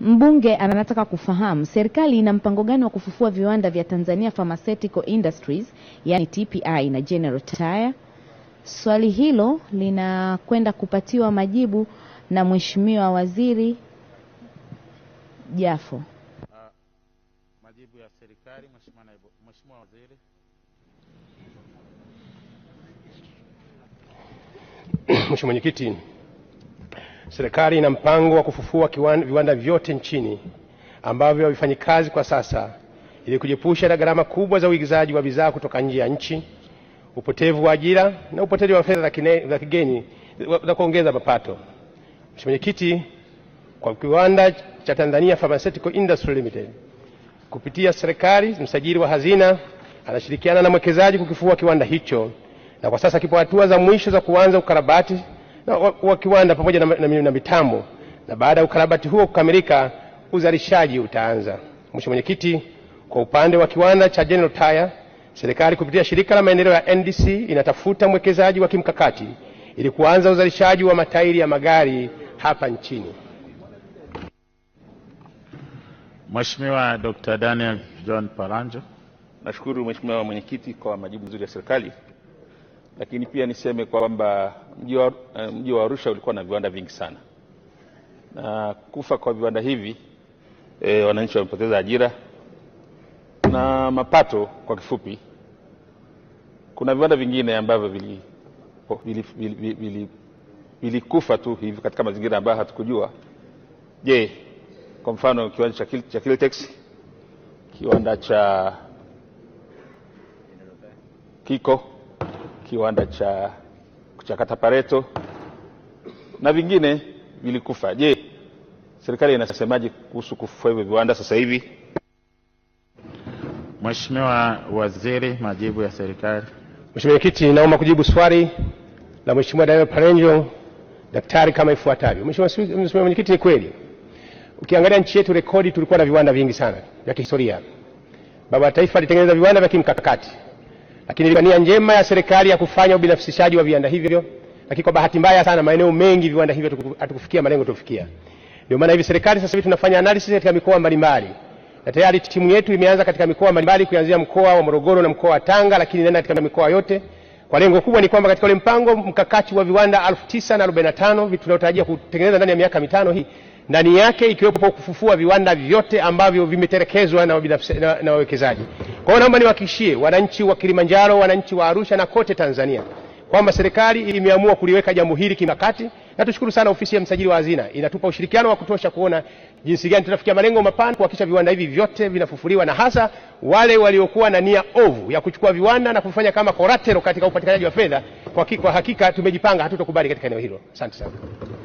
Mbunge anataka kufahamu serikali ina mpango gani wa kufufua viwanda vya Tanzania Pharmaceutical Industries yani TPI na General Tyre. Swali hilo linakwenda kupatiwa majibu na Mheshimiwa Waziri Jafo. Uh, majibu ya serikali, Mheshimiwa Naibu, Mheshimiwa Waziri. Mheshimiwa Mwenyekiti serikali ina mpango wa kufufua viwanda vyote nchini ambavyo havifanyi kazi kwa sasa ili kujepusha na gharama kubwa za uigizaji wa bidhaa kutoka nje ya nchi upotevu wa ajira na upotevu wa fedha za kigeni za kuongeza mapato. Mheshimiwa Mwenyekiti, kwa kiwanda cha Tanzania Pharmaceutical Industry Limited kupitia serikali, msajili wa hazina anashirikiana na mwekezaji kukifufua kiwanda hicho na kwa sasa kipo hatua za mwisho za kuanza ukarabati wa kiwanda pamoja na, na, na mitambo na baada ya ukarabati huo kukamilika uzalishaji utaanza. Mheshimiwa Mwenyekiti, kwa upande wa kiwanda cha General Tyre, serikali kupitia shirika la maendeleo ya NDC inatafuta mwekezaji wa kimkakati ili kuanza uzalishaji wa matairi ya magari hapa nchini. Mheshimiwa Dr. Daniel John paranjo Nashukuru Mheshimiwa Mwenyekiti kwa majibu mazuri ya serikali. Lakini pia niseme kwamba eh, mji wa Arusha ulikuwa na viwanda vingi sana, na kufa kwa viwanda hivi e, wananchi wamepoteza ajira na mapato. Kwa kifupi, kuna viwanda vingine ambavyo vilikufa vili, vili, vili, vili tu hivi katika mazingira ambayo hatukujua. Je, kwa mfano kiwanda cha, cha Kiltex kiwanda cha Kiko kiwanda cha kuchakata pareto na vingine vilikufa. Je, serikali inasemaje kuhusu kufa hivyo viwanda sasa hivi? Mheshimiwa Waziri, majibu ya serikali. Mheshimiwa Mwenyekiti, naomba kujibu swali la Mheshimiwa Daniel Parenjo Daktari kama ifuatavyo. Mheshimiwa Mwenyekiti, ni kweli ukiangalia nchi yetu rekodi, tulikuwa na viwanda vingi sana vya kihistoria. Baba Taifa alitengeneza viwanda vya kimkakati lakini ilikuwa nia njema ya serikali ya kufanya ubinafsishaji wa viwanda hivyo, lakini kwa bahati mbaya sana maeneo mengi viwanda hivyo hatukufikia malengo tuliofikia. Ndio maana hivi serikali sasa hivi tunafanya analysis katika mikoa mbalimbali, na tayari timu yetu imeanza katika mikoa mbalimbali kuanzia mkoa wa Morogoro na mkoa wa Tanga, lakini inaenda katika mikoa yote kwa lengo kubwa ni kwamba katika ule mpango mkakati wa viwanda 1945 vitu na kutengeneza ndani ya miaka mitano hii, ndani yake ikiwepo kufufua viwanda vyote ambavyo vimetelekezwa na wawekezaji. Kwa hiyo naomba niwahakikishie wananchi wa Kilimanjaro, wananchi wa Arusha na kote Tanzania kwamba serikali imeamua kuliweka jambo hili kimkakati, na tushukuru sana ofisi ya msajili wa hazina inatupa ushirikiano wa kutosha kuona jinsi gani tutafikia malengo mapana, kuhakikisha viwanda hivi vyote vinafufuliwa, na hasa wale waliokuwa na nia ovu ya kuchukua viwanda na kufanya kama koratero katika upatikanaji wa fedha. Kwa hakika tumejipanga, hatutokubali katika eneo hilo. Asante sana.